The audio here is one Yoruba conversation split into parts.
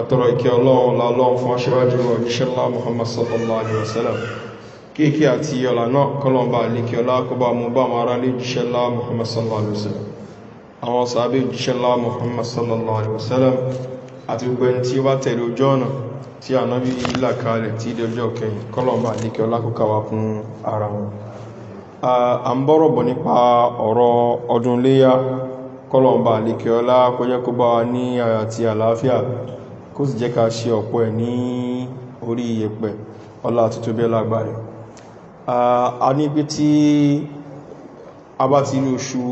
àtọ̀rọ̀ ìkẹ́ ọlọ́run lálọ́run fún aṣíwájú ọjíṣẹ́lá Muhammad sallallahu alaihi wasallam kíkí àti ọ̀là náà kọlọ̀mbà líkẹ́ ọlá kọba mú bá wọn ará lé jíṣẹ́lá Muhammad sallallahu alaihi wasallam àwọn sàábé jíṣẹ́lá Muhammad sallallahu alaihi wasallam àti gbogbo ẹni tí ó bá tẹ̀lé ojú ọ̀nà tí ànábì ìlà kalẹ̀ tí ilé ọjọ́ kẹyìn kọlọ̀mbà líkẹ́ ọlá kó káwa fún ara wọn à ń bọ́rọ̀ bọ̀ nípa kó sì jẹ́ ká ṣe ọ̀pọ̀ ẹ̀ ní orí iyẹ̀pẹ̀ ọlá tuntun bẹ́ lágbàrí a ní pé tí a bá ti rí oṣù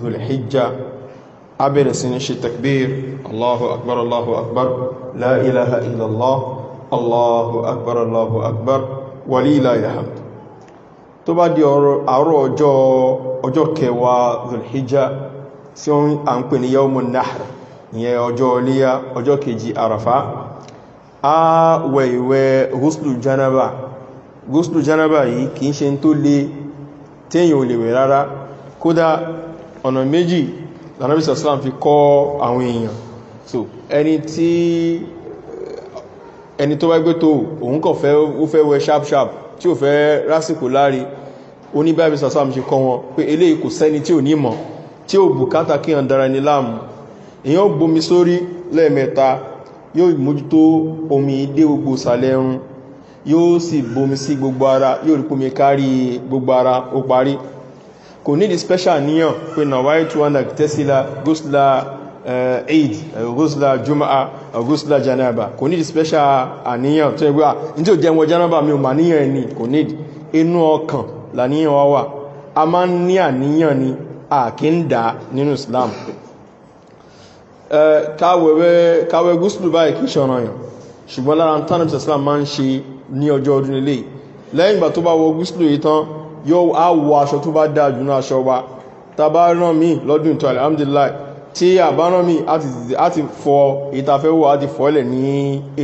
zulhijjá a bẹ̀rẹ̀ sí ní ṣe takbir allahu akbar allahu akbar la ilaha illallah allahu akbar allahu akbar walila ilhamd tó bá di àárọ̀ ọjọ́ kẹwàá zulhijjá tí wọ́n à ń pè ní yawmun nahr ìyẹn ọjọ́ iléyá ọjọ́ kejì àràfá a wẹ̀ ìwẹ̀ gúúsùlù janaba gúúsùlù janaba yìí kì í ṣe tó lè téèyàn ò lè wẹ̀ rárá kódà ọ̀nà méjì lànàbí sàsílám fi kọ́ àwọn èèyàn so ẹni tí ẹni tó wáyé tó òun kọ̀ fẹ́ ó sharp sharp tí ò fẹ́ rásìkò láàrin oníbàbí sàsílám ṣe kọ́ wọn pé eléyìí kò sẹ́ni tí ò ní mọ̀ tí ò bùkátà kí hàn dára ní láàmù èyàn ó gbomi sórí lẹ́ẹ̀mẹ́ta yóò mójútó omi dé gbogbo ìsàlẹ̀ ẹrun yóò sì bomi sí gbogbo ara yóò rí pómi kárí gbogbo ara ó parí kò ní di special níyàn pé na tí wọ́n nàgì tẹ́sílá gúúsùlá eh, eid eh, gúúsùlá jumaa eh, gúúsùlá janaba kò ní di special àníyàn tó ẹgbẹ́ ah, ní tí ó jẹ́ wọn janaba mi ò mà níyàn ẹni kò ní di inú ọkàn làníyàn wá wà a máa ń ní àníyàn ni a nínú Islam káwẹ̀ gúúsùlù báyìí kìí ṣe ọ̀ranyàn ṣùgbọ́n lára ń tánà islam máa ń ṣe ní ọjọ́ ọdún ilé lẹ́yìn ìgbà tó bá wọ gúúsùlù yìí tán yóò á wọ aṣọ tó bá dáa jù náà aṣọ wa ta bá rán mi lọ́dún ìtọ́ alhamdulillah tí a bá rán mi àti fọ ìtafẹ́wò àti fọ́ọ̀lẹ̀ ní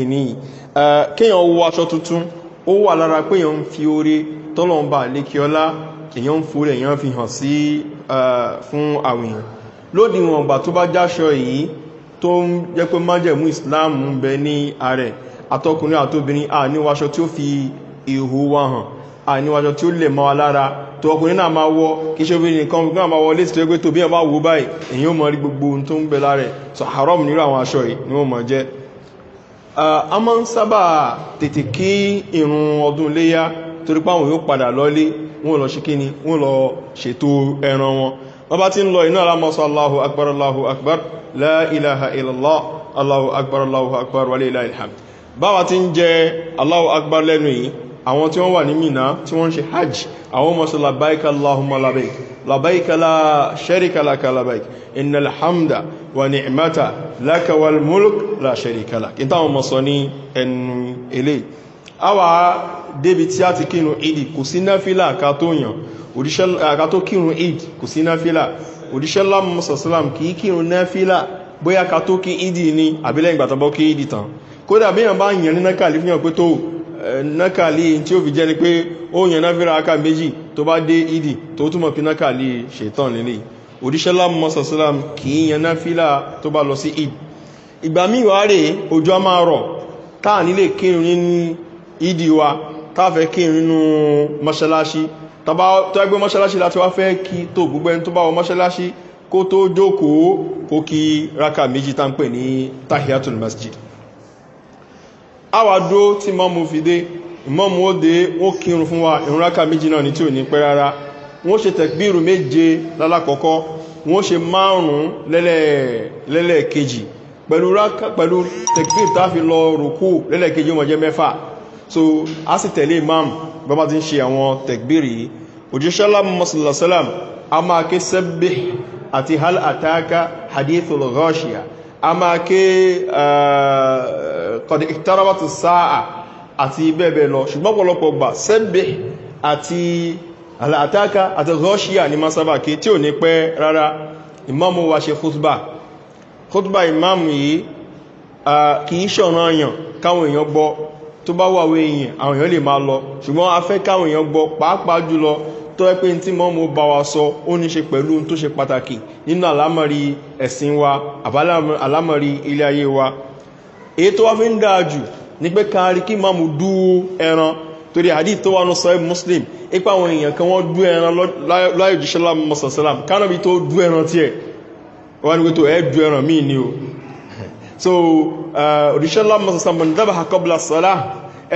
èní kéèyàn wọ aṣọ tuntun ó wà lára pé èèyàn ń fi oore tọ́lọ́mbà lékiọlá èèyàn ń èèyàn fi hàn lodin ọgbà tó bá jáṣọ yìí tó ń jẹ́ pé májẹ̀mú islam ń bẹ ní ààrẹ àtọkùnrin àtóbìnrin à níwáṣọ tí ó fi ihu wa hàn à níwáṣọ tí ó lè mọ́ alára tó ọkùnrin náà máa wọ kíṣẹ́ obìnrin nìkan fún wọ lé báyìí mọ rí gbogbo ohun tó ń bẹ lára haram aṣọ yìí mọ jẹ́ a máa ń sábà tètè kí ọdún torí pé àwọn yóò padà wọn lọ ṣe ẹran wọn wọ́n bá ti ń lọ iná alámọ́sọ aláhu akbar aláhu akbar láìláha ilallá aláhu akbar aláhu akbar wà léèlá ilhamd báwa ti ń jẹ aláhu akbar lẹ́nu yìí àwọn tí wọ́n wà ní mìíràn tí wọ́n ń ṣe hajj àwọn mọ́sọ labaika aláhùmọ́ labaik labaika la sharika laka labaik àwà débi tí a ti kírun id kò sí náfílà ká tó yàn ká tó kírun eid kò sí náfílà ya mọ́sàsílám kìí kírun náfílà bóyá ká tó kí ní kí tán kódà bá yàn ní nákàlí pé tó eh, nákàlí tí ó fi jẹ́ ni pé ó yàn náfílà aka méjì tó bá dé eid tó túmọ̀ pé nákàlí ṣètàn nílé yàn náfílà tó bá lọ sí ìgbà míì a máa rọ̀ táà nílé kírun ní ìdí wa táfẹ́ kí nínú mọ́ṣálásí tó ẹgbẹ́ mọ́ṣálásí láti wá fẹ́ kí tó gbogbo ẹni tó bá wọ mọ́ṣálásí kó tó jókòó kó kí raka méjì tá ń pè ní tahiyatul masjid àwàdó tí mọ́mù fi dé mọ́mù ó dé wọ́n kírun fún wa ìrun raka méjì náà ní tí ò ní pẹ́ rárá wọ́n ṣe tẹ̀kbíru méje lálákọ̀ọ́kọ́ wọ́n ṣe márùn-ún lẹ́lẹ́kejì pẹ̀lú tẹ̀kbíru tá lọ rùkú lẹ́lẹ́kejì wọ́n jẹ́ mẹ́fà so a sì tẹ̀lé imam bá bá ti ń ṣe àwọn tẹ̀gbìrì òjíṣẹ́lá mọ́sílọ́sọ́lám a máa ké sẹ́bẹ̀ àti hal àtàkà hadithul russia a máa ké kọ̀dì ìtàràbàtù sáà àti bẹ́ẹ̀bẹ́ lọ ṣùgbọ́n pọ̀lọpọ̀ gbà sẹ́bẹ̀ àti hal àtàkà àti russia ni ma sábà ké tí ò ní pẹ́ rárá imam wa ṣe khutba khutba imam yìí eh, kìí ṣọ̀ranyàn káwọn èèyàn gbọ́ tó bá wà wé èyàn àwọn èèyàn lè máa lọ ṣùgbọ́n a fẹ́ káwọn èèyàn gbọ́ pàápàá jùlọ tó ẹ pé tí mọ́ mo bá wa sọ ó ní ṣe pẹ̀lú ohun tó ṣe pàtàkì nínú àlámọ̀rí ẹ̀sìn wa àlámọ̀rí ilé ayé wa èyí tó wá fi ń dáa jù ní pé káàrí kí máa mú ẹran torí àdí tó wà ní sọ́ẹ́ muslim ipa àwọn èèyàn kan wọ́n dú ẹran láyé jùṣẹ́lá mọ́sàsálàm kánàbí tó dú ẹran tiẹ̀ wọ́n ni pé tó ẹ dú ẹran míì so uh, òdíṣẹ́lá mọ́sàsàmọ̀ dábàá kọ́bùlà sọ́lá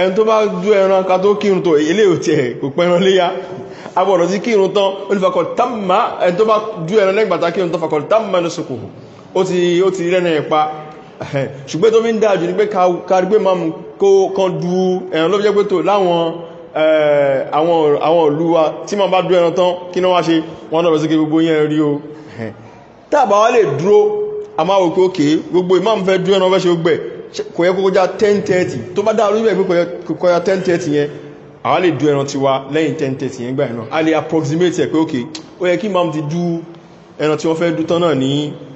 ẹni tó bá dú ẹran ká tó kírun tó ilé òtí ẹ̀ kò pẹ́ran léyá agbọ̀dọ̀ sí kírun tán ó ní fakọ̀ tàmà ẹni tó bá dú ẹran lẹ́gbàtà kírun tán fakọ̀ tàmà ní sòkò ó ti rẹ́nà ẹ̀ pa ṣùgbẹ́ tó fi ń dájú ní pé karigbé máa mú kó kan du ẹran lọ́fíjẹ́ pé tó láwọn eh, àwọn òlú wa tí ma bá dú ẹran tán kí náà wá ṣe wọ́n lọ́rọ̀ sí gbogbo yẹn rí o tàbá wá lè dúró a máa wò pé òkè gbogbo imam fẹ́ dúró ẹran fẹ́ ṣe gbẹ̀ kò yẹ kó kọjá 10:30 tó bá dáa lórí ẹgbẹ́ kò kọjá 10:30 yẹn àwa lè dúró ẹran tiwa lẹ́yìn 10:30 yẹn gbà yẹn a lè approximate ẹ̀ pé òkè ó yẹ kí imam ti dú ẹran tí wọ́n fẹ́ dú tán náà ní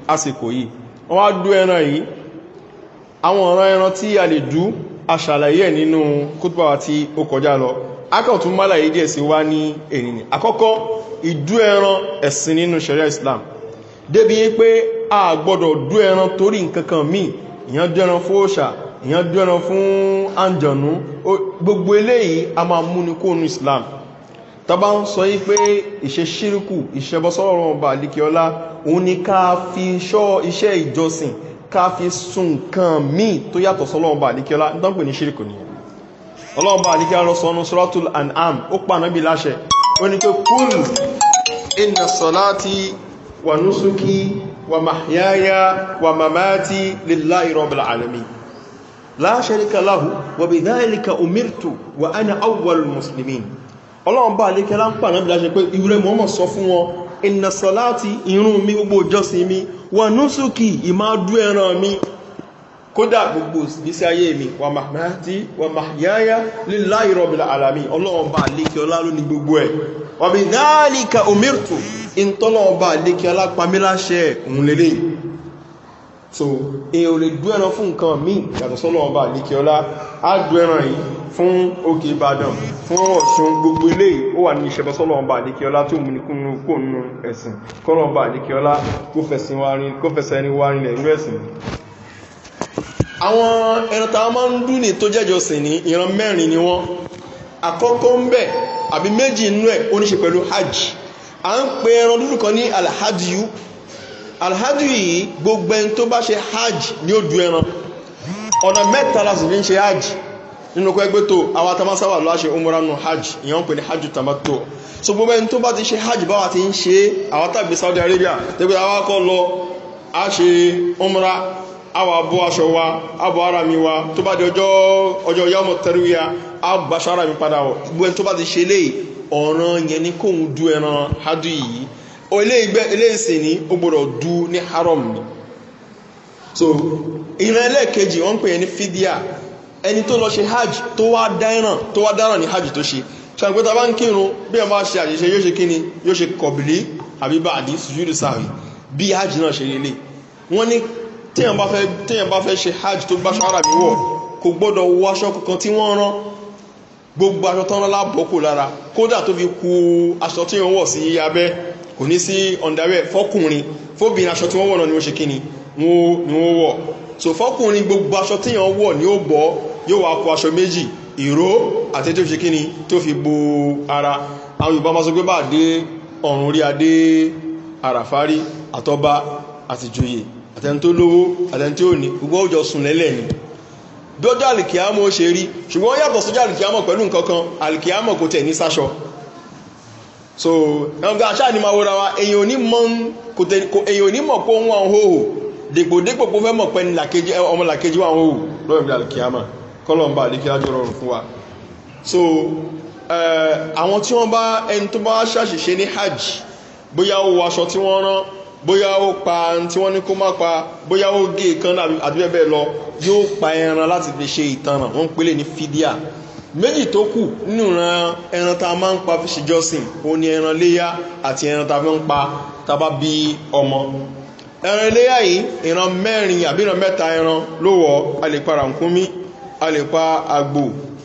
àsìkò yìí wọ́n wá dú ẹran yìí àwọn ọ̀ràn ẹran tí a lè dú aṣàlàyé ẹ̀ nínú kútùpàwà wá ní ènìyàn islam débi pé a gbọ́dọ̀ dú ẹran torí nkankan míì ìyàn dẹ́ran fún òṣà ìyàn dẹ́ran fún àǹjọ̀nú gbogbo eléyìí a máa mú ní kóònù islam tàbá ń sọ yí pé ìṣe ṣírìkù ìṣẹbọsọ́rọ̀ ọba àlíkíọlá òun ni ká fi ṣọ́ iṣẹ́ ìjọsìn ká fi sun nǹkan míì tó yàtọ̀ sọ́lọ́ọ̀ba àlíkíọlá ń tán pè ní ṣírìkù nìyẹn ọlọ́ọ̀ba àlíkíọlá lọ sọ́nu suratul an'am ó pa ànábì láṣẹ ó ní pé kúlù inna salati wa nusuki wa mahyaya wa mamati lillahi rabbil alamin la sharika lahu wa bidhalika umirtu wa ana awwalul muslimin ọlọ́run bá lékẹ́ láńpà náà bílá ṣe pé ìwúrẹ́ mọ́mọ̀ sọ fún wọn ìnà sọláti ìrun mi gbogbo ìjọsìn mi wà núsùkì ìmáàdú ẹran mi kódà gbogbo ìgbésí ayé mi wà mahmati wà mahyaya lillahi rabbil alamin ọlọ́run bá lékẹ́ ọlá lónìí gbogbo ẹ̀ wa bidhalika umirtu ìntọ́nà ọba àdékí alápamíláṣẹ òun lélẹ̀ so èèyàn lè dú ẹran fún nǹkan míì yàtọ̀ sọ́nà ọba àdékí ọlá á dú ẹran yìí fún òkè ìbàdàn fún ọ̀ṣun gbogbo ilé ó wà ní ìṣẹ̀bọ̀ sọ́nà ọba àdékí ọlá tó múni kúnnú kó nù ẹ̀sìn kọ́nà ọba àdékí ọlá kó fẹsẹ̀ à ń pe ẹran dúdú kan ní alhadiyu alhadiyu yìí gbogbo ẹni tó bá ṣe hajj ní òdu ẹran ọ̀nà mẹ́ta la sì fi ń ṣe hajj nínú kọ́ tó àwọn atamásáwà ló ṣe umra nù hajj ìyẹn ń pè ní hajj tamato so gbogbo ẹni tó bá ti ṣe hajj báwa ti ń ṣe àwọn tàbí saudi arabia tẹ́gbẹ́ àwọn akọ́ lọ a ṣe umra àwọn abọ́ aṣọ wa abọ́ ara mi wa tó bá di ọjọ́ ọjọ́ yàmọ̀ tẹ́rù ya a bá aṣọ ara mi padà wọ̀ gbogbo ẹni tó bá ti ṣe léyìí ọ̀ràn yẹn ní kóhun du ẹran hadu yìí eléyìísìn ní ó gbọ́dọ̀ du ní haram ni so ìran ẹlẹ́ẹ̀kejì wọ́n ń pè é ní fídíà ẹni tó lọ ṣe hajj tó wá dáràn tó wá dáràn ní hajj tó ṣe ṣàǹpé ta bá ń kírun bí ẹ máa ṣe àṣìṣe yóò ṣe kíni yóò ṣe kọ̀bìlì àbí báàdì sùjúdù sàrì bí hajj náà ṣe lélẹ̀ wọ́n ní téèyàn bá fẹ́ ṣe hajj tó gbá ṣọ́ra wọ̀ kò gbọ́dọ̀ wọ aṣọ kankan tí wọ́n rán gbogbo aṣọ tán lọ́la bọ́kù lára kódà tó fi ku aṣọ tí wọ́n wọ̀ sí abẹ́ kò ní sí ọ̀ndàwẹ̀ fọ́kùnrin fóbìnrin aṣọ tí wọ́n wọ̀ náà ni wọ́n ṣe kíni ni wọ́n wọ̀ so fọ́kùnrin gbogbo aṣọ tí wọ́n wọ̀ ni ó bọ́ yóò wá kó aṣọ méjì ìró àti tó fi ṣe kíni tó fi bo ara àwọn yorùbá máa sọ pé bá dé ọ̀run rí adé àràfárí àtọ́ba àtìjòyè àtẹni tó gbogbo ọjọ́ sùn lẹ́lẹ́ ni dójú àlìkíámọ̀ ó ṣe rí ṣùgbọ́n yàtọ̀ sójú àlìkíámọ̀ pẹ̀lú nkankan àlìkíámọ̀ kò tẹ̀ ní sáṣọ so ẹnìkan aṣáà ni máa wọra wa èyàn ò ní mọ̀ pé òun wà ń hóhò dèpò dépò pé ó fẹ́ mọ̀ pé ọmọ làkejì wà ń hóhò lọ́wọ́ ìbílẹ̀ àlìkíámọ̀ kọ́lọ̀mbà àlìkíájọ́ rọrùn fún wa so àwọn tí wọ́n bá ẹni tó bá ṣàṣìṣe ní hajj bóyá ó aṣọ tí wọ́n rán bóyá ó pa tí wọ́n ní kó má pa bóyá ó gé kan àti bẹ́ẹ̀ bẹ́ẹ̀ lọ yóò pa ẹran láti fi ṣe ìtanràn wọ́n ń pélé ní fídíà méjì tó kù nínú ìran ẹran tá a máa ń pa fi ṣèjọsìn òun ni ẹran léyà àti ẹran tá a fi ń pa tá a bá bí ọmọ ẹran iléyà yìí ìran mẹ́rin àbí ìran mẹ́ta ẹran ló wọ̀ a lè pa rànkúnmí a lè pa àgbò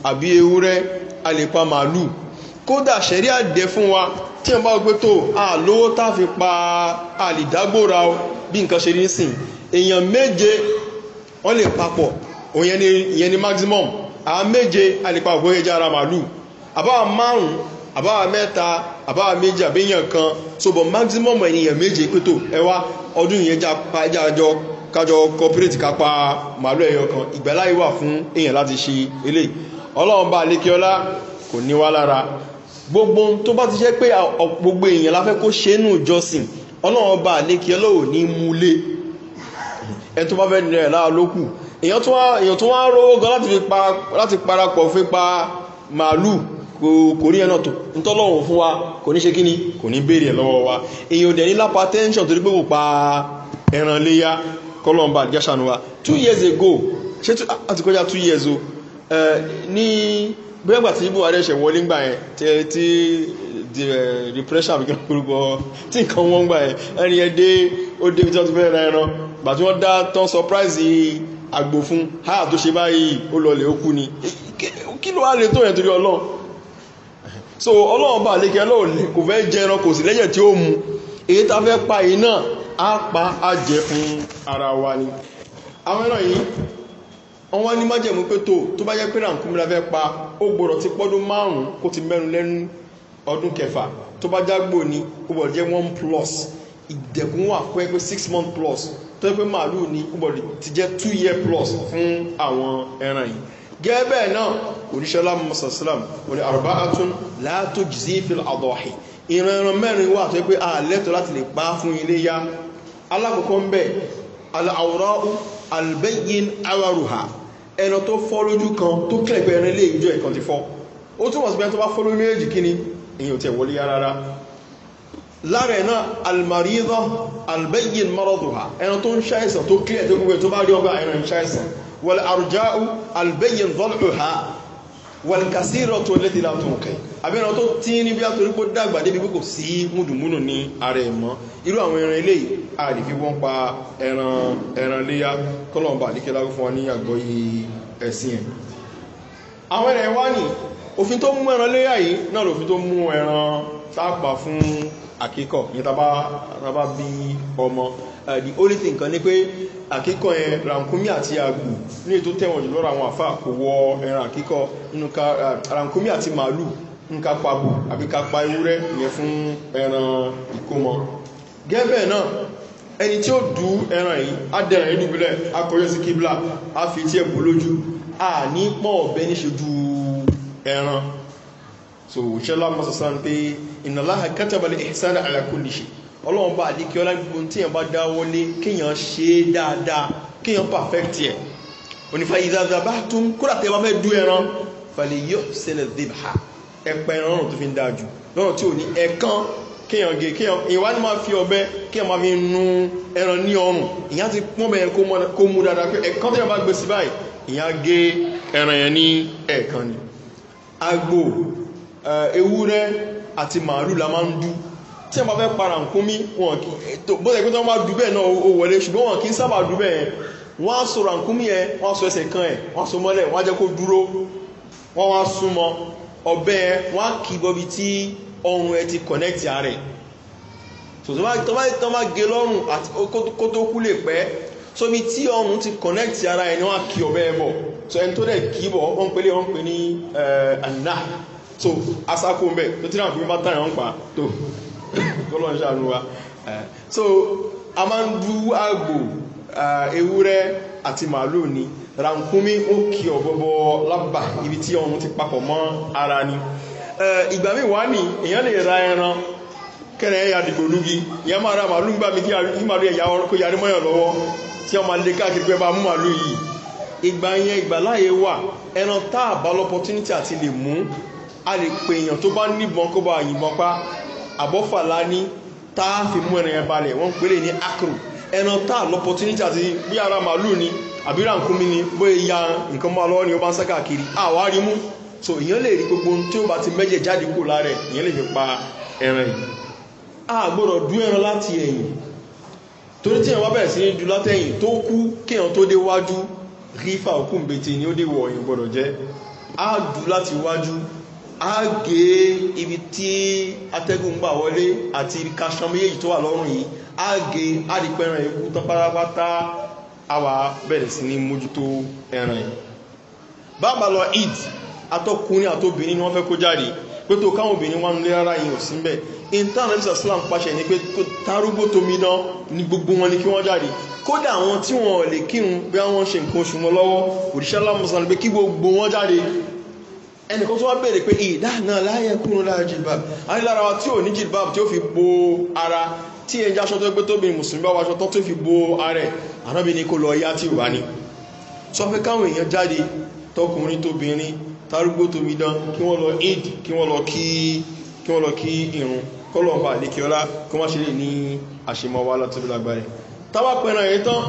àbí ewúrẹ́ a lè pa màálù kódà ṣẹ̀rí àdẹ fún wa tí wọ́n bá gbé tó àlówó tá a fi pa àlìdágbòra o bí nǹkan ṣe rí sìn èèyàn méje wọ́n lè papọ̀ òyìn ìyẹn ni maximum àwọn méje àlèpapọ̀ bóyá ẹja ara màálù àbáwá márùn-ún àbáwá mẹ́ta àbáwá méjì àbẹ́yàn kan sobọ̀ maximum ènìyàn méje pétò ẹwà ọdún yẹn já jọ kájọ corporate kápá màálù ẹ̀yọ kan ìgbàláyé wà fún èèyàn láti ṣe eléyìí ọlọ́run bá lékeọlá kò ní wá lára gbogbo tó bá ti jẹ́ pé gbogbo èèyàn la fẹ́ kó ṣe nù jọsìn ọlọ́run ọba àlékí ọlọ́run ní múlé ẹ tó bá fẹ́ nira ẹ̀ lára lókù èèyàn tó wá rówó gan láti parapọ̀ fi pa màálù kò rí ẹ̀nà tó ń fún wa kò ní ṣe kíní kò ní béèrè lọ́wọ́ wa èèyàn dẹ̀ ní lápá tẹ́ńṣọ̀n torí pé kò pa ẹran léyà kọlọ́mbà jásánú wa two years ago ṣé àti kọjá two years o ní gbẹ́gbà tí buhari ṣe wọlé ńgbà yẹn tí depression eh, àbíkẹ́ orúkọ tí nǹkan wọ́n ńgbà yẹn ẹni yẹn dé ó dé tí wọ́n ti fẹ́ ra ẹran gbà tí wọ́n dá tán surprise àgbò fún ha tó ṣe báyìí ó lọlẹ̀ ó kú ni kí ló wá lè tó yẹn torí ọlọ́run so ọlọ́run bá lékẹ́ lọ́ọ̀lẹ̀ kò fẹ́ jẹ ẹran kò sí lẹ́yẹ̀ tí ó mu èyí tá fẹ́ pa yìí náà á pa á jẹ fún ara wa ni àwọn ẹran yìí wọ́n wá ní májẹ̀mú pé tó tó bá jẹ́ pé ràǹkúmí la fẹ́ pa ó gbọ́dọ̀ ti pọ́dún márùn-ún kó ti mẹ́rin lẹ́nu ọdún kẹfà tó bá jágbò ní ó gbọ́dọ̀ jẹ́ one plus ìdẹ̀kùn wà fún ẹgbẹ́ six month plus tó yẹ pé màálù ní gbọ́dọ̀ ti jẹ́ two year plus fún àwọn ẹran yìí gẹ́gẹ́ náà oníṣẹ́lá mọ́sàsílám oní àrùbá àtún látò jìzí fil àdọ̀hì ìrìnrìn mẹ́rin wà tó yẹ pé àlẹ́tọ̀ láti lè pa fún iléyá alákọ̀ọ́kọ́ ń bẹ̀ aláwòrán albẹ́yìn awaruha ẹran tó fọ́ lójú kan tó kẹ́ẹ̀pẹ́ ẹran ilé ìjọ ẹ̀kan ti fọ́ ó túnmọ̀ sí pé tó bá fọ́ méjì kí ni ò tẹ̀ wọlé rárá lára ẹ̀ náà almaridha albayyin ẹran tó ń ṣàìsàn tó kílẹ̀ tó gbogbo tó bá rí ọgbà ẹran ṣàìsàn wal arja'u albayyin dhaluha wàlùkàsírọ̀ tó la látọ̀ òkè àbẹ́ran tó tí ní bí àtorí pó dàgbà débi pé kò sí múdùmúnù ní ara ẹ̀mọ́ irú àwọn ẹran ilé àrí fi wọ́n pa ẹran léyá tọ́lọ̀mbà àdíkẹ́lá fún wa ní àgọ́ ẹ̀sìn ẹ̀ àwọn ẹ̀rẹ̀ wá ní òfin tó mú ẹran léyá yìí náà lòfin tó mú ẹran tápà fún àkíkọ̀ ní tàbá bí ọmọ uh, the only thing kan ní pé àkíkọ̀ yẹn rankumi àti àgbò ní ètò tẹ̀wọ̀n jù lọ́rọ̀ àwọn àfà kò wọ ẹran àkíkọ̀ nǹka rankumi àti màálù nǹka pàbò àbí ká pa ewúrẹ́ yẹn fún ẹran ìkómọ gẹ́bẹ̀ náà ẹni tí ó dú ẹran yìí á dẹ̀rẹ̀ ìdúbílẹ̀ akọ̀yọ́ sí kíblà á fi tí ẹ̀bù lójú à ní pọ̀ ọ̀bẹ níṣojú ẹran so òṣèlú amọ́sọ̀sán pé ìnàláhà kátàbàlì ìsánà àlàkùnlìṣì ọlọ́run bá àdíkẹ́ ọlá gbogbo tí èèyàn bá dáwọ́lé kéèyàn ṣe é dáadáa kéèyàn perfect yẹ onífà ìdáadáa bá tún kúrò àti ẹ̀bá mẹ́ẹ̀dú ẹran falẹ̀ yóò ṣẹlẹ̀ dìbà ẹ̀pẹ̀ ẹran ọ̀run tó fi ń dáa jù lọ́rọ̀ tí ò ní ẹ̀kan kéèyàn gé kéèyàn ìwà ni máa fi ọbẹ̀ kéèyàn máa fi nu ẹran ní ọrùn ìyẹn ti pọ́n bẹ́ẹ̀ kó mú dáadáa pé ẹ̀kan tó yẹn bá gbèsè báyìí ìyẹn gé ẹran yẹn ní ẹ̀ẹ̀kan ni agbo Eh, ewúrẹ́ àti màálù la máa ń dú tí wọ́n bá fẹ́ para nǹkan mí wọn kì bó ṣe pé tí wọ́n bá dú bẹ́ẹ̀ náà ó wọlé ṣùgbọ́n wọn kì í sábà dú bẹ́ẹ̀ wọ́n á sọ̀rọ̀ nǹkan mí yẹn wọ́n á sọ ẹsẹ̀ kan ẹ̀ wọ́n á sọ mọ́lẹ̀ wọ́n á jẹ́ kó dúró wọ́n wá súnmọ́ ọbẹ̀ wọ́n á kì í bọ́bi tí ọrùn ẹ ti connect ààrẹ tó bá gé lọ́rùn kó tó kú lè pẹ́ sóbi tí ọrùn ti connect ara ẹ̀ ni wọ́n á kì ọbẹ̀ ẹ̀ bọ̀ so ẹni tó dẹ̀ kì í bọ̀ wọ́n pè ní àná eh, so asako mbẹ tó tí náà fi bá tán ìrànpá tó kọ́lọ̀ ṣàánú wa eh, so a máa ń du àgbò eh, ewúrẹ́ àti màálù ni rankumi ó kí ọ̀bọ̀bọ̀ lábà ibi tí ọmọ ti papọ̀ mọ́ ara ni eh, ìgbà míì wá ní èèyàn lè ra ẹran kẹrẹ ẹ̀yà dìgbò lúgi ìyá máa ra màálù ń gbà mí kí màálù ẹ̀yà kó yarí mọ́yàn lọ́wọ́ tí ọmọ alẹ́ káàkiri pé bá mú màálù yìí ìgbà yẹn ìgbà láàyè wà ẹran tá àbá àti lè mú a lè pè èèyàn tó bá níbọn kó bá yìnbọn pa àbọ́fà lání tá fi mú ẹran yẹn balẹ̀ wọ́n ń pèlè ní akro ẹran tá a àti bí ara màálù ni àbí rànkúmi ni bóyá ya nǹkan máa lọ́wọ́ ni ó bá ń sá káàkiri àwa rí mú so èèyàn lè rí gbogbo ohun tí ó bá ti mẹ́jẹ̀ jáde kúrò lára ẹ̀ èèyàn lè fi pa ẹran yìí a gbọ́dọ̀ dún ẹran láti ẹ̀yìn torí tí ẹ̀wọ́n bẹ̀rẹ̀ sí ní dùn látẹ̀yìn tó kú ni ó dé wọ̀ a dùn láti wájú a gé ibi tí atẹ́gùn gbà wọlé àti ibi kásán méjèèjì tó wà lọ́rùn yìí a gé àdìpẹ́ ẹran ikú tán pátápátá a wà bẹ̀rẹ̀ sí ní mójútó ẹran yìí bàbá lọ id atọ́kùnrin àtòbìnrin ni wọ́n fẹ́ kó jáde pé tó káwọn obìnrin wà nílé ara yìí ò sí mbẹ̀ intan rẹ̀ islam pàṣẹ ní pé tarúgbó tomi dán ní gbogbo wọn ni kí wọ́n jáde kódà àwọn tí wọ́n lè kírun bí wọ́n ṣe nǹkan oṣù wọn lọ́wọ́ òrìṣẹ́ lámùsàn pé kí gbogbo wọn jáde ẹnìkan tó wá bèèrè pé ìdá náà láyé kúrò lára jìlbàb a ní lára wa tí ò ní jìlbàb tí ó fi bo ara tí ẹjá aṣọ tó gbé tóbi mùsùlùmí bá waṣọ tó tó fi bo ara ẹ̀ ànábi ní kó lọ yá tí wà ní sọ pé káwọn èèyàn jáde tọkùnrin tóbìnrin tarúgbó tóbi dán kí wọ́n lọ eid kí wọ́n lọ kí kí wọ́n lọ kí irun kọ́lọ̀ ọba kí wọ́n ṣe lè ní àṣemọ́ látọ́bí lágbára táwa pẹ̀ràn yìí tán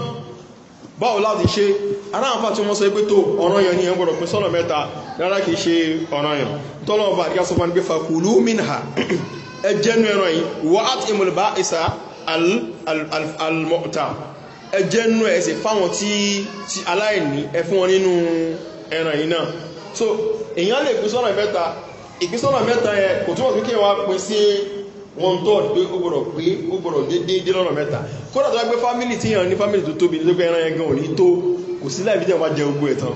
báwo láti ṣe aráàfà tí wọ́n sọ pé tó ọ̀ràn yẹn ní ẹ̀ gbọ́dọ̀ pín sọ́nà mẹ́ta rárá kìí ṣe ọ̀ràn yẹn tọ́lọ́wọ́n bá àdíkà sọfà ní pé fàkùlù mìnà ẹ jẹ́nu ẹran yìí wà á ti ìmọ̀lẹ̀bá ìsà almọ̀ta ẹ jẹ́nu ẹ̀ sì fáwọn tí aláìní ẹ fún wọn nínú ẹran yìí náà so èèyàn lè pín sọ́nà mẹ́ta ìpín sọ́nà mẹ́ta yẹn kò túbọ̀ wọn tó ọ̀dọ̀ pé ó gbọ́dọ̀ pé ó gbọ́dọ̀ déédéé lọ́nà mẹ́ta kódà tó wá gbé fámìlì tí yàn ní fámìlì tó tóbi nítorí pé ẹran yẹn gan ò ní tó kò sí láì fi tẹ̀ wá jẹ gbogbo ẹ̀ tán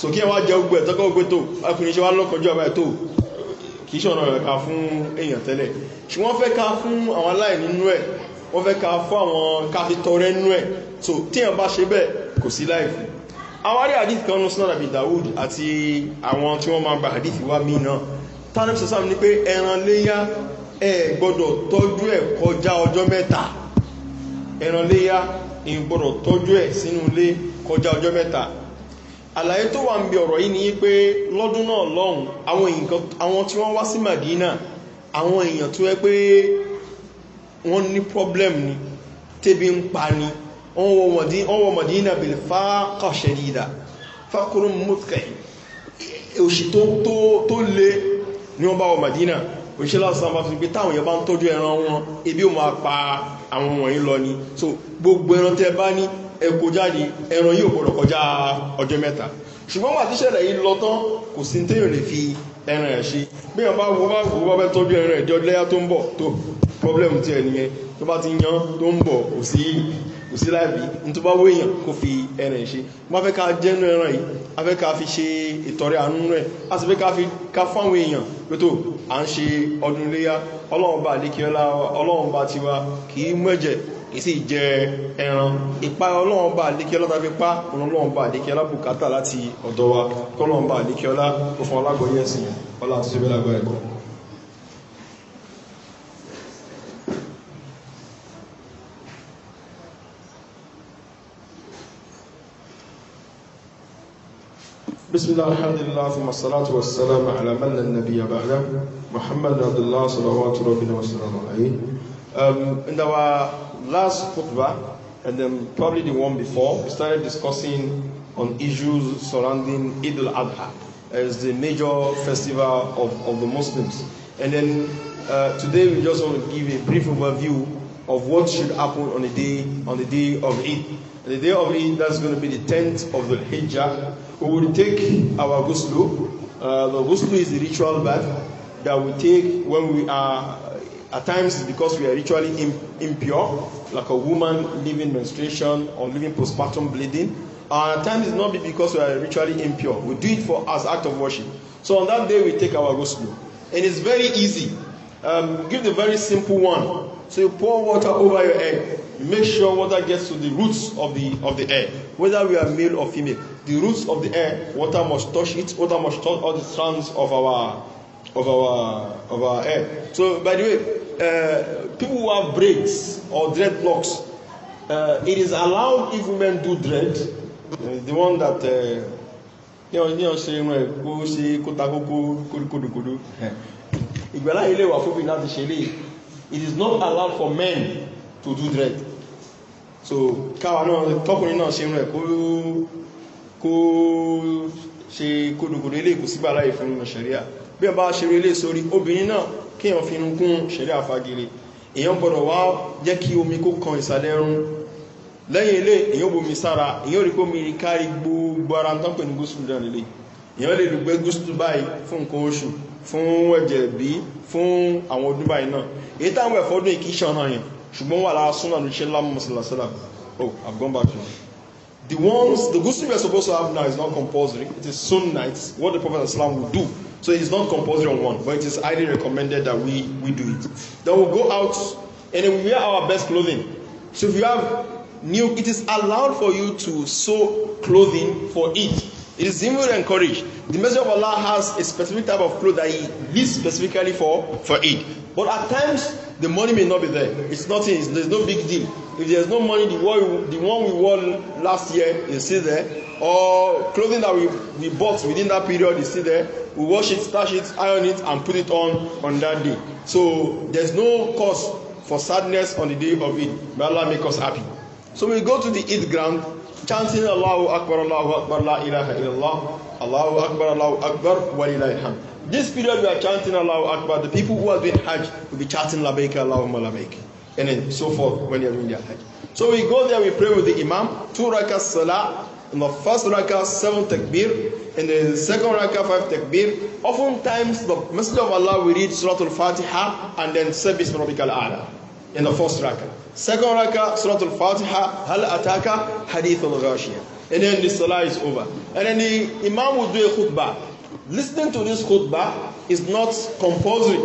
so kí ẹ wá jẹ gbogbo ẹ̀ tán kọ́ gbé tó akùnrin ṣe wá lọ́kànjú àbáyé tó kì í ṣọ̀nà rẹ̀ fún èèyàn tẹ́lẹ̀ ṣùgbọ́n fẹ́ ká fún àwọn aláìní nínú ẹ̀ wọ́n fẹ́ ká fún àwọn ká tọrẹ nínú ẹ̀ so tíyàn bá ṣe bẹ́ẹ̀ awari hadith kan nu sunan abi dawood àti àwọn tí wọ́n máa gba hadith wa mí náà ẹran léyá ẹ gbọ́dọ̀ tọ́jú ẹ̀ kọjá ọjọ́ mẹ́ta ẹran léyá ẹ gbọ́dọ̀ tọ́jú ẹ̀ sínú ilé kọjá ọjọ́ mẹ́ta àlàyé tó wà ń bi ọ̀rọ̀ yìí ni pé lọ́dún náà lọ́hùn àwọn tí wọ́n wá sí madina àwọn èèyàn tó yẹ pé wọ́n ní problem ni tẹ́bi ń pa ni wọ́n wọ madina bẹ̀rẹ̀ fáàkà ṣẹ̀dídà fákùrún mọ́tẹ̀ òṣì tó le ni wọ́n bá wọ madina òṣèlú ọ̀sán bá fi pé táwọn èèyàn bá ń tọ́jú ẹran wọn ebi ó máa pa àwọn wọ̀nyí lọ ni so gbogbo ẹran tẹ bá ní ẹkọ jáde ẹran yóò gbọdọ̀ kọjá ọjọ́ mẹ́ta ṣùgbọ́n wà tíṣẹ̀lẹ̀ yìí lọ tán kò sí téèyàn lè fi ẹran ẹ̀ ṣe bí wọn bá wo bá wo bá fẹ́ tọ́jú ẹran ẹ̀ di ọdún lẹ́yà tó ń bọ̀ tó problem tí ẹ̀ nìyẹn tó bá ti yan tó ń bọ̀ kò sí kò sí láìbí ní tó bá wó èèyàn kó fi ẹran ṣe wọ́n fẹ́ ká jẹ́nu ẹran yìí a fẹ́ ká fi ṣe ìtọrẹ àánú rẹ̀ a sì fẹ́ ká fi ká fáwọn èèyàn pé tó à ń ṣe ọdún iléyá ọlọ́run bá àdékíọ́lá ọlọ́run bá tiwa kì í mọ̀jẹ̀ kì í sì jẹ ẹran ipa ọlọ́run bá àdékíọ́lá tàbí pa ọlọ́run bá àdékíọ́lá bùkátà láti ọ̀dọ̀ wa kọ́lọ́run bá àdékíọ́lá tó fún ọlágbọ́yẹ̀sìn ọlá àtúnṣe bẹ́ẹ̀ lágbọ́ ẹ̀kọ́ بسم الله الحمد لله ثم الصلاة والسلام على من لا بعده محمد عبد الله صلوات ربنا عليه in our last khutbah and then probably the one before we started discussing on issues surrounding Eid al-Adha as the major festival of, of the Muslims and then uh, today we just want to give a brief overview of what should happen on the day on the day of Eid. And the day of Eid that's going to be the 10th of the Hijjah we will take our ghusl. Uh, the ghusl is the ritual bath that we take when we are at times because we are ritually impure, like a woman living menstruation or living postpartum bleeding. And at times it's not because we are ritually impure. We do it for as act of worship. So on that day we take our ghusl. And it's very easy. Um, give the very simple one. So you pour water over your head make sure water gets to the roots of the of the air whether we are male or female the roots of the air water must touch it water must touch all the strands of our of our of our air so by the way uh, people who have braids or dreadlocks uh, it is allowed if women do dread uh, the one that you uh, know, ní ọ̀sẹ̀ irun ẹ̀ kó ṣe kó ta kókó kódùkódù ìgbàláyé lè wà fún mi láti it is not allowed for men to do dread so káwa náà tọkùnrin náà ṣe rẹ̀ kó ṣe kódòkòdò ilé ìkùsígbà láì fún ìmọ̀ ṣẹ̀ríà bí ẹ bá ṣe rí ilé sórí obìnrin náà kíyàn fi irun kún ṣẹ̀ríà fagilé èyàn gbọ́dọ̀ wá jẹ́ kí omi kó kan ìsàlẹ̀ ẹrun lẹ́yìn ilé èyàn bomi sára èyàn rí pómi kárí gbogbo ara tán ṣùgbọ́n wà lára súnà ní ṣẹlá mọ̀sálásálà oh i've gone back the ones the ghusl we are supposed to have now is not compulsory it is sunnah it's what the prophet islam will do so it's not compulsory on one but it is highly recommended that we we do it then we we'll go out and then we wear our best clothing so if you have new it is allowed for you to sew clothing for eid It is even encouraged. The Messenger of Allah has a specific type of cloth that he needs specifically for, for Eid. But at times, the money may not be there. It's nothing, it's, there's no big deal. If there's no money, the one, the one we won last year is still there. Or clothing that we, we bought within that period is still there. We wash it, stash it, iron it, and put it on on that day. So there's no cause for sadness on the day of Eid. May Allah make us happy. So we go to the Eid ground chanting Allahu Akbar, Allahu Akbar, La ilaha illallah, Allahu Akbar, Allahu Akbar, walillahi alhamd. This period we are chanting Allahu Akbar, the people who are doing Hajj will be chanting Labaika, Allahumma Labaik, and then so forth when they are doing their Hajj. So we go there, we pray with the Imam, two rakahs salah, in the first rakah, seven takbir, in the second rakah, five takbir. Oftentimes, the Messenger of Allah will read Surah Al Fatiha and then Bismillah al A'la in the first rakah. Second rakah, Surah Al-Fatiha, Hal Ataka, Hadith Al-Ghashiyah. And then the Salah is over. And then the Imam will do a khutbah. Listening to this khutbah is not compulsory,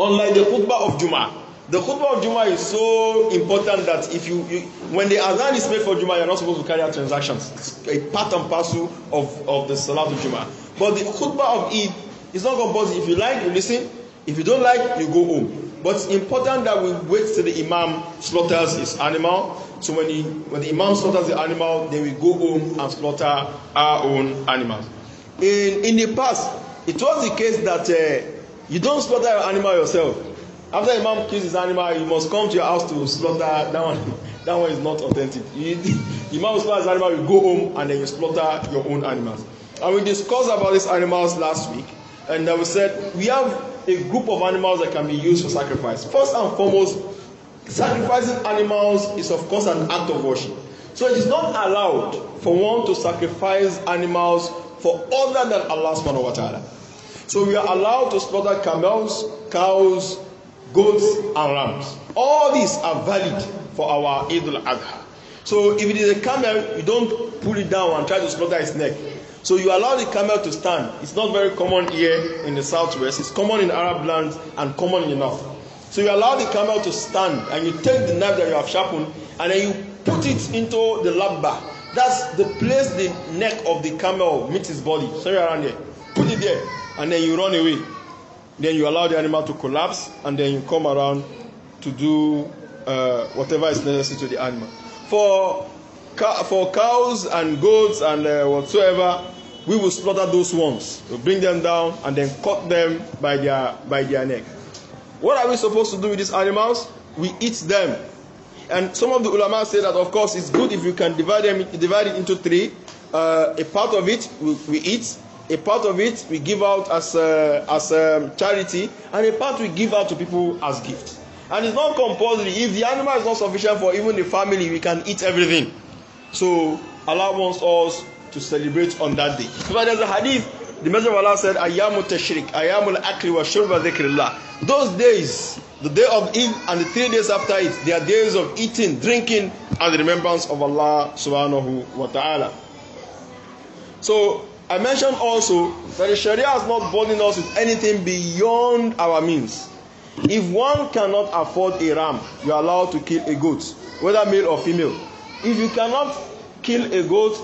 unlike the khutbah of Juma. The khutbah of Juma is so important that if you, you when the adhan is made for Juma, you are not supposed to carry out transactions. It's a part and parcel of, of the Salah of Juma. But the khutbah of Eid is not compulsory. If you like, you listen. If you don't like, you go home. But it's important that we wait till the Imam slaughters his animal. So when, he, when the Imam slaughters the animal, then we go home and slaughter our own animals. In, in the past, it was the case that uh, you don't slaughter your animal yourself. After Imam kills his animal, you must come to your house to slaughter that one. that one is not authentic. the Imam slaughters his animal, you go home and then you slaughter your own animals. And we discussed about these animals last week, and we said we have a group of animals that can be used for sacrifice. First and foremost, sacrificing animals is, of course, an act of worship. So it is not allowed for one to sacrifice animals for other than Allah subhanahu wa ta'ala. So we are allowed to slaughter camels, cows, goats, and rams. All these are valid for our Eid al-Adha. So if it is a camel, you don't pull it down and try to slaughter its neck. So you allow the camel to stand. It's not very common here in the southwest. It's common in Arab lands and common in the north. So you allow the camel to stand and you take the knife that you have sharpened and then you put it into the labba. That's the place the neck of the camel meets his body. Somewhere around there. Put it there and then you run away. Then you allow the animal to collapse and then you come around to do uh, whatever is necessary to the animal. For, for cows and goats and uh, whatsoever, we will slaughter those ones. We'll bring them down and then cut them by their, by their neck. What are we supposed to do with these animals? We eat them. And some of the ulama say that, of course, it's good if you can divide them divide it into three. Uh, a part of it we, we, eat, a part of it we give out as uh, as um, charity, and a part we give out to people as gift. And it's not compulsory. If the animal is not sufficient for even the family, we can eat everything. So allow wants us to celebrate on that day. So there's a hadith. The Messenger of Allah said, Ayyamu Tashrik, Ayyamul Akli wa Shurba Dhikrillah. Those days, the day of Eid and the three days after it, they are days of eating, drinking, and the remembrance of Allah subhanahu wa ta'ala. So, I mentioned also that the Sharia has not burdened us with anything beyond our means. If one cannot afford a ram, you are allowed to kill a goat, whether male or female. If you cannot kill a goat,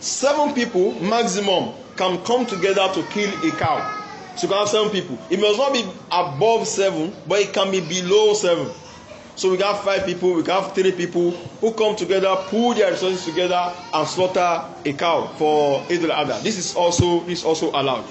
seven people maximum can come together to kill a cow so you can have seven people it must not be above seven but it can be below seven so we can have five people we can have three people who come together pull their resources together and slaughter a cow for idul other. this is also this is also allowed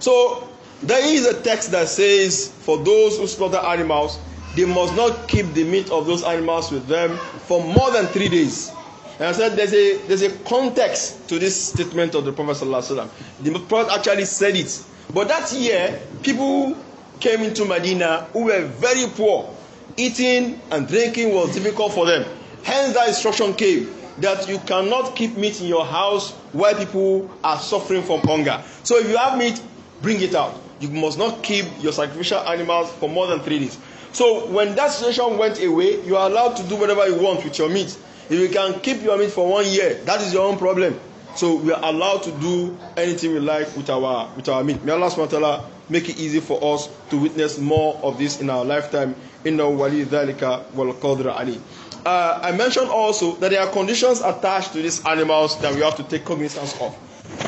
so there is a text that says for those who slaughter animals they must not keep the meat of those animals with them for more than three days And said there's a there's a context to this statement of the Prophet sallallahu alaihi The Prophet actually said it, but that year people came into Medina who were very poor. Eating and drinking was difficult for them. Hence, that instruction came that you cannot keep meat in your house while people are suffering from hunger. So if you have meat, bring it out. You must not keep your sacrificial animals for more than three days. So when that situation went away, you are allowed to do whatever you want with your meat. If you can keep your meat for one year, that is your own problem. So we are allowed to do anything we like with our with our meat. May Allah subhanahu make it easy for us to witness more of this in our lifetime. Inna wali dhalika wal qadra ali. Uh, I mentioned also that there are conditions attached to these animals that we have to take cognizance of.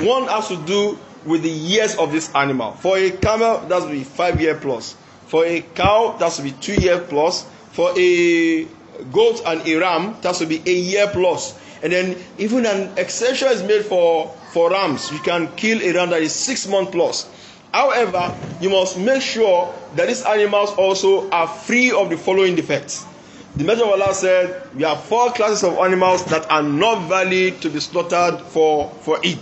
One has to do with the years of this animal. For a camel, that's be five year plus. For a cow, that should be two year plus. For a goat and a ram, that should be a year plus. And then even an exception is made for, for rams. You can kill a ram that is six month plus. However, you must make sure that these animals also are free of the following defects. The Messenger of Allah said, We have four classes of animals that are not valid to be slaughtered for, for Eid.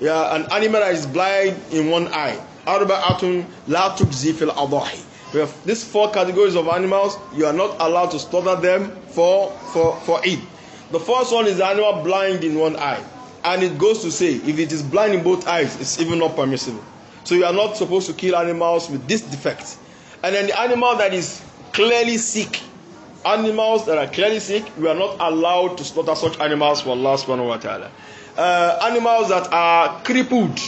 Yeah, an animal that is blind in one eye. أربعة لا تجزي في الأضاحي We have these four categories of animals. You are not allowed to slaughter them for for for eat. The first one is the animal blind in one eye, and it goes to say if it is blind in both eyes, it's even not permissible. So you are not supposed to kill animals with this defect. And then the animal that is clearly sick, animals that are clearly sick, we are not allowed to slaughter such animals for Allah subhanahu wa taala. Uh, animals that are crippled,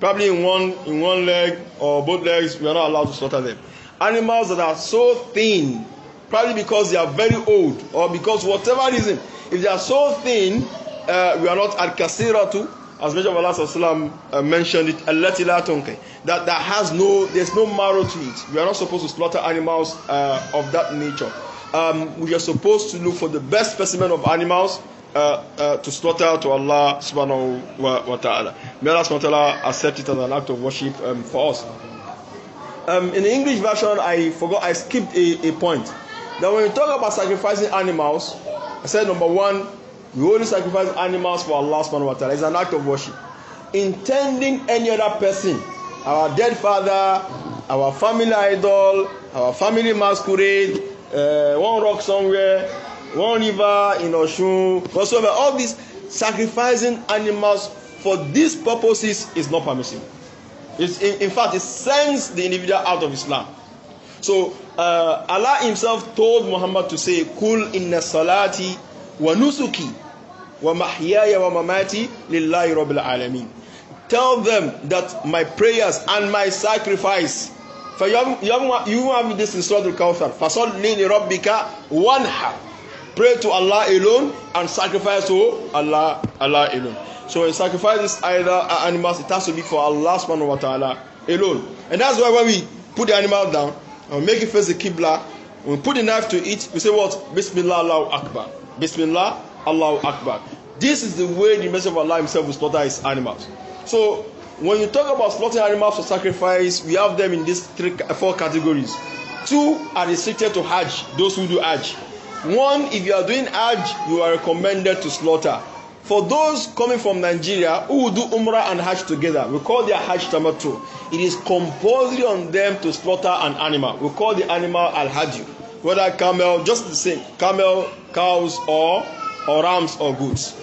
probably in one in one leg or both legs, we are not allowed to slaughter them animals that are so thin, probably because they are very old or because whatever reason, if they are so thin, uh, we are not al kasiratu as Messenger of Allah Islam, uh, mentioned it, that, that has no, there's no marrow to it. We are not supposed to slaughter animals uh, of that nature. Um, we are supposed to look for the best specimen of animals uh, uh, to slaughter to Allah subhanahu wa, wa ta'ala. May Allah subhanahu wa ta'ala accept it as an act of worship um, for us um, in the English version, I forgot, I skipped a, a point. That when we talk about sacrificing animals, I said number one, we only sacrifice animals for Allah subhanahu wa ta'ala. It's an act of worship. Intending any other person, our dead father, our family idol, our family masquerade, uh, one rock somewhere, one river in Oshun, Whatever, all these sacrificing animals for these purposes is not permissible. It's, in, in fact, it sends the individual out of Islam. So uh, Allah Himself told Muhammad to say, "Kul inna salati wa nusuki wa mahyaya wa mamati lillahi rabbil alamin." Tell them that my prayers and my sacrifice. For you have, you have this in Surah Al-Kawthar. Fasalli li rabbika wanha. Pray to Allah alone and sacrifice to Allah, Allah alone. So a sacrifice is either animals, it has to be for Allah subhanahu wa ta'ala alone. And that's why when we put the animal down and uh, make it face the Qibla, we put the knife to it, we say what? Bismillah Allahu Akbar. Bismillah Allahu Akbar. This is the way the Messenger of Allah himself will slaughter his animals. So when you talk about slaughtering animals for sacrifice, we have them in these three, four categories. Two are restricted to Hajj, those who do Hajj. One, if you are doing Hajj, you are recommended to slaughter for those coming from Nigeria who will do Umrah and Hajj together, we call their Hajj Tamatu. It is compulsory on them to slaughter an animal. We call the animal Al Hajj, whether camel, just the same, camel, cows, or, or rams or goats.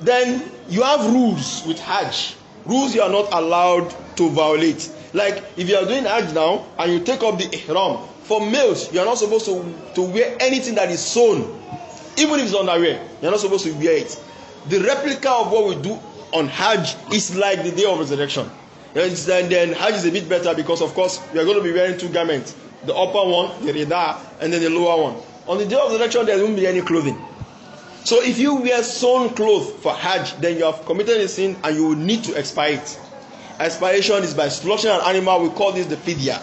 Then you have rules with Hajj, rules you are not allowed to violate. Like if you are doing Hajj now and you take up the Ihram, for males, you are not supposed to, to wear anything that is sewn even if it's underwear you're not supposed to wear it the replica of what we do on hajj is like the day of resurrection and then, then hajj is a bit better because of course we are going to be wearing two garments the upper one the rida and then the lower one on the day of resurrection there won't be any clothing so if you wear sewn cloth for hajj then you have committed a sin and you will need to expire it expiration is by slaughtering an animal we call this the fidya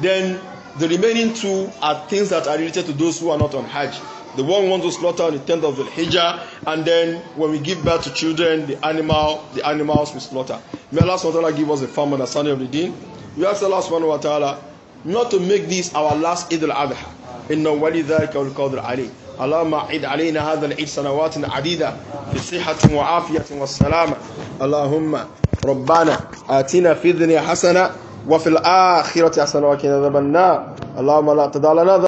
then the remaining two are things that are related to those who are not on hajj the one we to slaughter on the 10th of the Hijjah, and then when we give birth to children, the animal, the animals we slaughter. May Allah subhanahu wa ta'ala give us a firm understanding of the deen. We ask Allah subhanahu wa ta'ala not to make this our last Eid al-Adha. إن ولي ذلك والقدر عليه اللهم عد علينا هذا العيد سنوات عديدة بصحة وعافية والسلامة اللهم ربنا آتنا في الدنيا حسنة وفي الآخرة حسنة وقنا عذاب اللهم لا تدع لنا